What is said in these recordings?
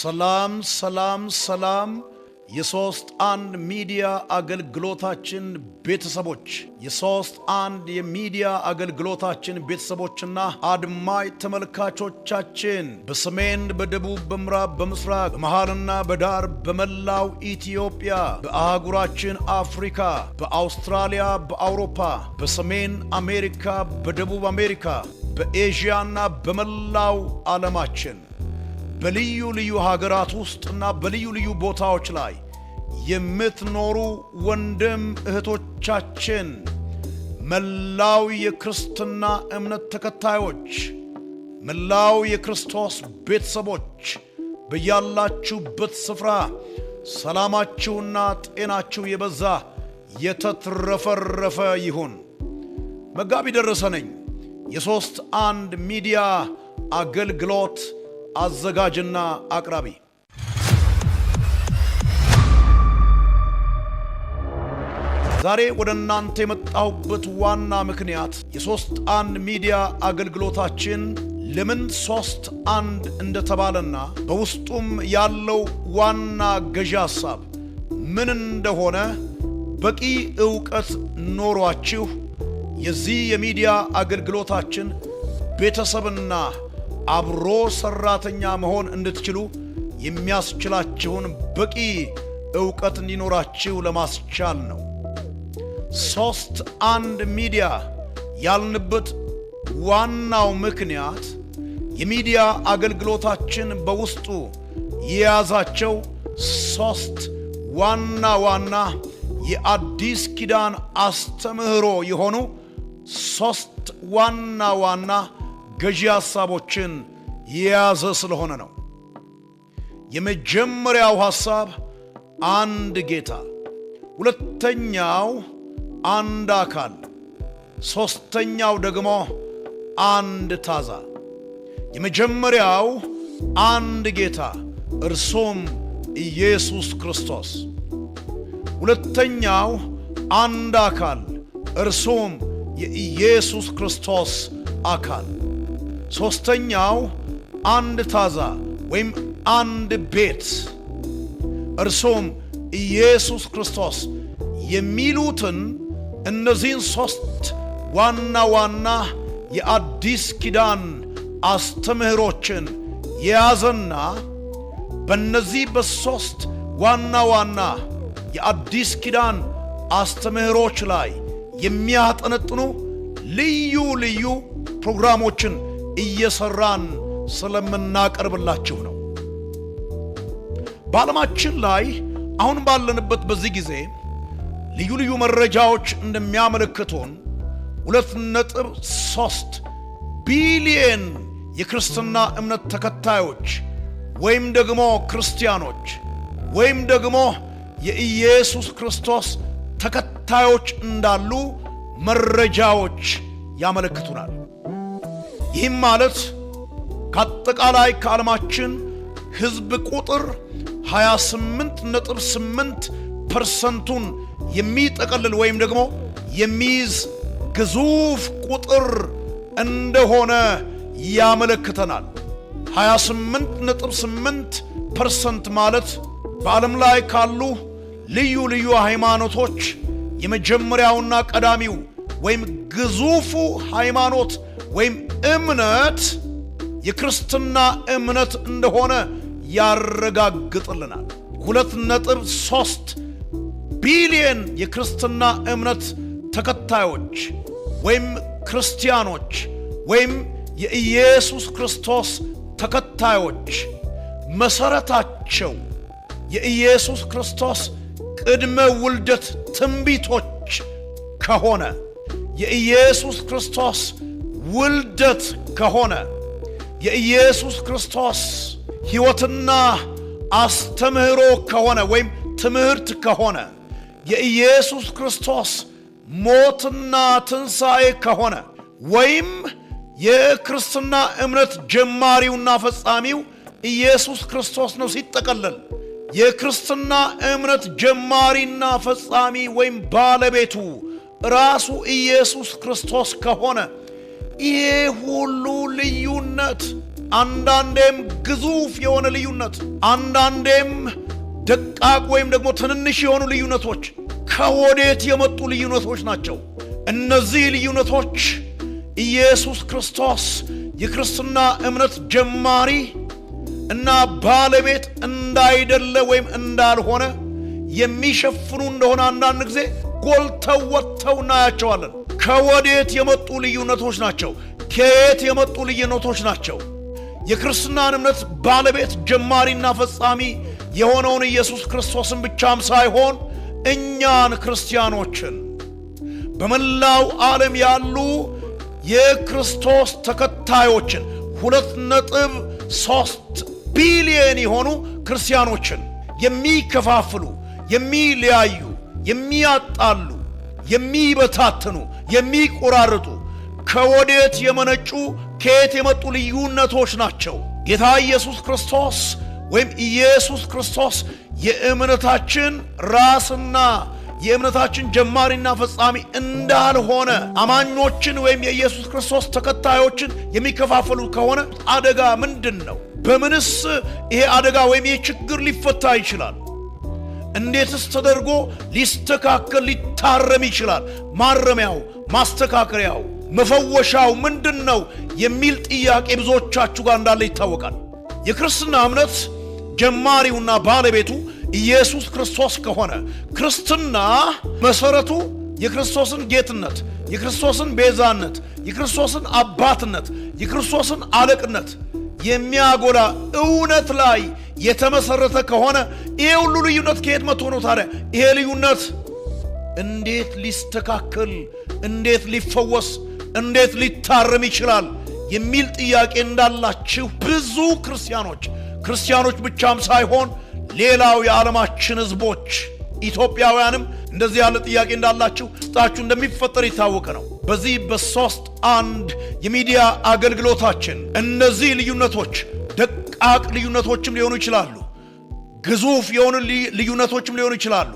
ሰላም ሰላም ሰላም የሶስት አንድ ሚዲያ አገልግሎታችን ቤተሰቦች የሶስት አንድ የሚዲያ አገልግሎታችን ቤተሰቦችና አድማጭ ተመልካቾቻችን በሰሜን በደቡብ በምዕራብ በምስራቅ በመሃልና በዳር በመላው ኢትዮጵያ በአህጉራችን አፍሪካ በአውስትራሊያ በአውሮፓ በሰሜን አሜሪካ በደቡብ አሜሪካ በኤዥያና በመላው ዓለማችን በልዩ ልዩ ሀገራት ውስጥና በልዩ ልዩ ቦታዎች ላይ የምትኖሩ ወንድም እህቶቻችን፣ መላው የክርስትና እምነት ተከታዮች፣ መላው የክርስቶስ ቤተሰቦች በያላችሁበት ስፍራ ሰላማችሁና ጤናችሁ የበዛ የተትረፈረፈ ይሁን። መጋቢ ደረሰ ነኝ የሦስት አንድ ሚዲያ አገልግሎት አዘጋጅና አቅራቢ ዛሬ ወደ እናንተ የመጣሁበት ዋና ምክንያት የሶስት አንድ ሚዲያ አገልግሎታችን ለምን ሶስት አንድ እንደተባለና በውስጡም ያለው ዋና ገዢ ሐሳብ ምን እንደሆነ በቂ ዕውቀት ኖሯችሁ የዚህ የሚዲያ አገልግሎታችን ቤተሰብና አብሮ ሰራተኛ መሆን እንድትችሉ የሚያስችላችሁን በቂ እውቀት እንዲኖራችሁ ለማስቻል ነው። ሶስት አንድ ሚዲያ ያልንበት ዋናው ምክንያት የሚዲያ አገልግሎታችን በውስጡ የያዛቸው ሶስት ዋና ዋና የአዲስ ኪዳን አስተምህሮ የሆኑ ሶስት ዋና ዋና ገዢ ሐሳቦችን የያዘ ስለሆነ ነው። የመጀመሪያው ሐሳብ አንድ ጌታ፣ ሁለተኛው አንድ አካል፣ ሦስተኛው ደግሞ አንድ ታዛ። የመጀመሪያው አንድ ጌታ እርሱም ኢየሱስ ክርስቶስ፣ ሁለተኛው አንድ አካል እርሱም የኢየሱስ ክርስቶስ አካል ሦስተኛው አንድ ታዛ ወይም አንድ ቤት እርሱም ኢየሱስ ክርስቶስ የሚሉትን እነዚህን ሦስት ዋና ዋና የአዲስ ኪዳን አስተምህሮችን የያዘና በእነዚህ በሦስት ዋና ዋና የአዲስ ኪዳን አስተምህሮች ላይ የሚያጠነጥኑ ልዩ ልዩ ፕሮግራሞችን እየሰራን ስለምናቀርብላችሁ ነው። በዓለማችን ላይ አሁን ባለንበት በዚህ ጊዜ ልዩ ልዩ መረጃዎች እንደሚያመለክቱን ሁለት ነጥብ ሶስት ቢሊየን የክርስትና እምነት ተከታዮች ወይም ደግሞ ክርስቲያኖች ወይም ደግሞ የኢየሱስ ክርስቶስ ተከታዮች እንዳሉ መረጃዎች ያመለክቱናል። ይህም ማለት ከአጠቃላይ ከዓለማችን ህዝብ ቁጥር 28.8 ፐርሰንቱን የሚጠቀልል ወይም ደግሞ የሚይዝ ግዙፍ ቁጥር እንደሆነ ያመለክተናል። 28.8 ፐርሰንት ማለት በዓለም ላይ ካሉ ልዩ ልዩ ሃይማኖቶች የመጀመሪያውና ቀዳሚው ወይም ግዙፉ ሃይማኖት ወይም እምነት የክርስትና እምነት እንደሆነ ያረጋግጥልናል። ሁለት ነጥብ ሶስት ቢሊየን የክርስትና እምነት ተከታዮች ወይም ክርስቲያኖች ወይም የኢየሱስ ክርስቶስ ተከታዮች መሰረታቸው የኢየሱስ ክርስቶስ ቅድመ ውልደት ትንቢቶች ከሆነ የኢየሱስ ክርስቶስ ውልደት ከሆነ የኢየሱስ ክርስቶስ ሕይወትና አስተምህሮ ከሆነ ወይም ትምህርት ከሆነ የኢየሱስ ክርስቶስ ሞትና ትንሣኤ ከሆነ ወይም የክርስትና እምነት ጀማሪውና ፈጻሚው ኢየሱስ ክርስቶስ ነው ሲጠቀለል የክርስትና እምነት ጀማሪና ፈጻሚ ወይም ባለቤቱ ራሱ ኢየሱስ ክርስቶስ ከሆነ ይሄ ሁሉ ልዩነት አንዳንዴም ግዙፍ የሆነ ልዩነት፣ አንዳንዴም ደቃቅ ወይም ደግሞ ትንንሽ የሆኑ ልዩነቶች ከወዴት የመጡ ልዩነቶች ናቸው? እነዚህ ልዩነቶች ኢየሱስ ክርስቶስ የክርስትና እምነት ጀማሪ እና ባለቤት እንዳይደለ ወይም እንዳልሆነ የሚሸፍኑ እንደሆነ አንዳንድ ጊዜ ጎልተው ወጥተው እናያቸዋለን። ከወዴት የመጡ ልዩነቶች ናቸው? ከየት የመጡ ልዩነቶች ናቸው? የክርስትናን እምነት ባለቤት ጀማሪና ፈጻሚ የሆነውን ኢየሱስ ክርስቶስን ብቻም ሳይሆን እኛን ክርስቲያኖችን በመላው ዓለም ያሉ የክርስቶስ ተከታዮችን ሁለት ነጥብ ሶስት ቢሊየን የሆኑ ክርስቲያኖችን የሚከፋፍሉ፣ የሚለያዩ፣ የሚያጣሉ፣ የሚበታትኑ የሚቆራርጡ ከወዴት የመነጩ ከየት የመጡ ልዩነቶች ናቸው። ጌታ ኢየሱስ ክርስቶስ ወይም ኢየሱስ ክርስቶስ የእምነታችን ራስና የእምነታችን ጀማሪና ፈጻሚ እንዳልሆነ አማኞችን ወይም የኢየሱስ ክርስቶስ ተከታዮችን የሚከፋፈሉ ከሆነ አደጋ ምንድን ነው? በምንስ ይሄ አደጋ ወይም ይህ ችግር ሊፈታ ይችላል? እንዴትስ ተደርጎ ሊስተካከል ሊታረም ይችላል? ማረሚያው፣ ማስተካከሪያው መፈወሻው ምንድን ነው የሚል ጥያቄ ብዙዎቻችሁ ጋር እንዳለ ይታወቃል። የክርስትና እምነት ጀማሪውና ባለቤቱ ኢየሱስ ክርስቶስ ከሆነ ክርስትና መሰረቱ የክርስቶስን ጌትነት፣ የክርስቶስን ቤዛነት፣ የክርስቶስን አባትነት፣ የክርስቶስን አለቅነት የሚያጎላ እውነት ላይ የተመሰረተ ከሆነ ይሄ ሁሉ ልዩነት ከየት መጥቶ ነው ታዲያ? ይሄ ልዩነት እንዴት ሊስተካከል፣ እንዴት ሊፈወስ፣ እንዴት ሊታረም ይችላል የሚል ጥያቄ እንዳላችሁ ብዙ ክርስቲያኖች ክርስቲያኖች ብቻም ሳይሆን ሌላው የዓለማችን ሕዝቦች ኢትዮጵያውያንም እንደዚህ ያለ ጥያቄ እንዳላችሁ ስጣችሁ እንደሚፈጠር የታወቀ ነው። በዚህ በሶስት አንድ የሚዲያ አገልግሎታችን እነዚህ ልዩነቶች ጥቃቅ ልዩነቶችም ሊሆኑ ይችላሉ። ግዙፍ የሆኑ ልዩነቶችም ሊሆኑ ይችላሉ።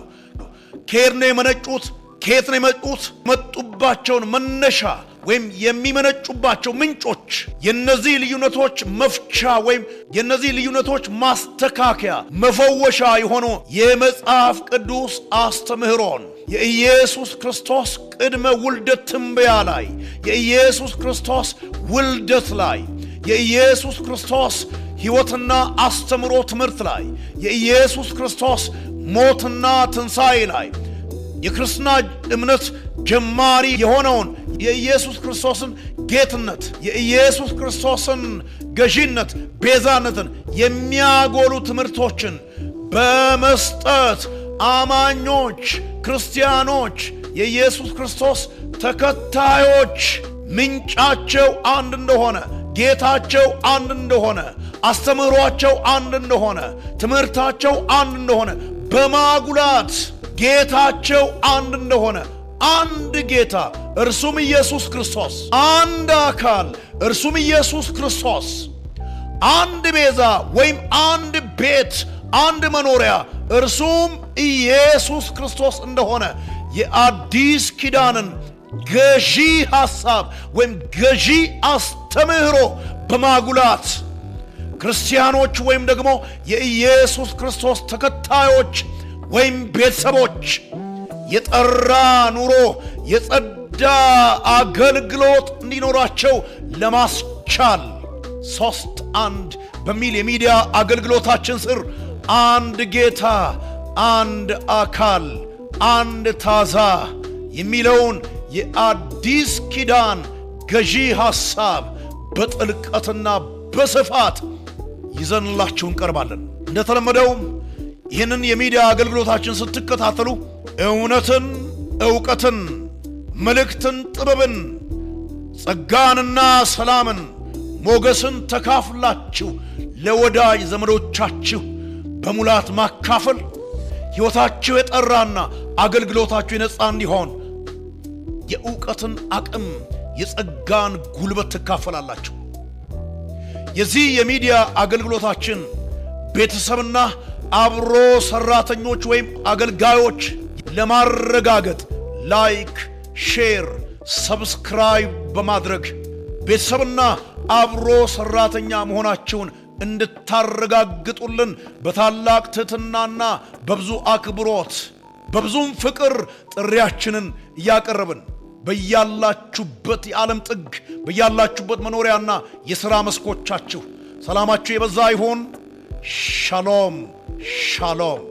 ከየት ነው የመነጩት? ከየት ነው የመጡት? የመጡባቸውን መነሻ ወይም የሚመነጩባቸው ምንጮች የነዚህ ልዩነቶች መፍቻ ወይም የነዚህ ልዩነቶች ማስተካከያ መፈወሻ የሆኑ የመጽሐፍ ቅዱስ አስተምህሮን የኢየሱስ ክርስቶስ ቅድመ ውልደት ትንበያ ላይ የኢየሱስ ክርስቶስ ውልደት ላይ የኢየሱስ ክርስቶስ ሕይወትና አስተምሮ ትምህርት ላይ የኢየሱስ ክርስቶስ ሞትና ትንሣኤ ላይ የክርስትና እምነት ጀማሪ የሆነውን የኢየሱስ ክርስቶስን ጌትነት የኢየሱስ ክርስቶስን ገዢነት፣ ቤዛነትን የሚያጎሉ ትምህርቶችን በመስጠት አማኞች፣ ክርስቲያኖች፣ የኢየሱስ ክርስቶስ ተከታዮች ምንጫቸው አንድ እንደሆነ ጌታቸው አንድ እንደሆነ፣ አስተምህሯቸው አንድ እንደሆነ፣ ትምህርታቸው አንድ እንደሆነ በማጉላት ጌታቸው አንድ እንደሆነ አንድ ጌታ እርሱም ኢየሱስ ክርስቶስ፣ አንድ አካል እርሱም ኢየሱስ ክርስቶስ፣ አንድ ቤዛ ወይም አንድ ቤት፣ አንድ መኖሪያ እርሱም ኢየሱስ ክርስቶስ እንደሆነ የአዲስ ኪዳንን ገዢ ሐሳብ ወይም ገዢ አስ አስተምህሮ በማጉላት ክርስቲያኖች ወይም ደግሞ የኢየሱስ ክርስቶስ ተከታዮች ወይም ቤተሰቦች የጠራ ኑሮ የጸዳ አገልግሎት እንዲኖራቸው ለማስቻል ሶስት አንድ በሚል የሚዲያ አገልግሎታችን ስር አንድ ጌታ፣ አንድ አካል፣ አንድ ታዛ የሚለውን የአዲስ ኪዳን ገዢ ሐሳብ በጥልቀትና በስፋት ይዘንላችሁ እንቀርባለን። እንደተለመደው ይህንን የሚዲያ አገልግሎታችን ስትከታተሉ እውነትን፣ እውቀትን፣ መልእክትን፣ ጥበብን፣ ጸጋንና ሰላምን፣ ሞገስን ተካፍላችሁ ለወዳጅ ዘመዶቻችሁ በሙላት ማካፈል ሕይወታችሁ የጠራና አገልግሎታችሁ የነጻ እንዲሆን የእውቀትን አቅም የጸጋን ጉልበት ትካፈላላችሁ። የዚህ የሚዲያ አገልግሎታችን ቤተሰብና አብሮ ሰራተኞች ወይም አገልጋዮች ለማረጋገጥ ላይክ፣ ሼር፣ ሰብስክራይብ በማድረግ ቤተሰብና አብሮ ሰራተኛ መሆናችሁን እንድታረጋግጡልን በታላቅ ትህትናና በብዙ አክብሮት በብዙም ፍቅር ጥሪያችንን እያቀረብን በያላችሁበት የዓለም ጥግ በያላችሁበት መኖሪያና የሥራ መስኮቻችሁ ሰላማችሁ የበዛ ይሁን። ሻሎም ሻሎም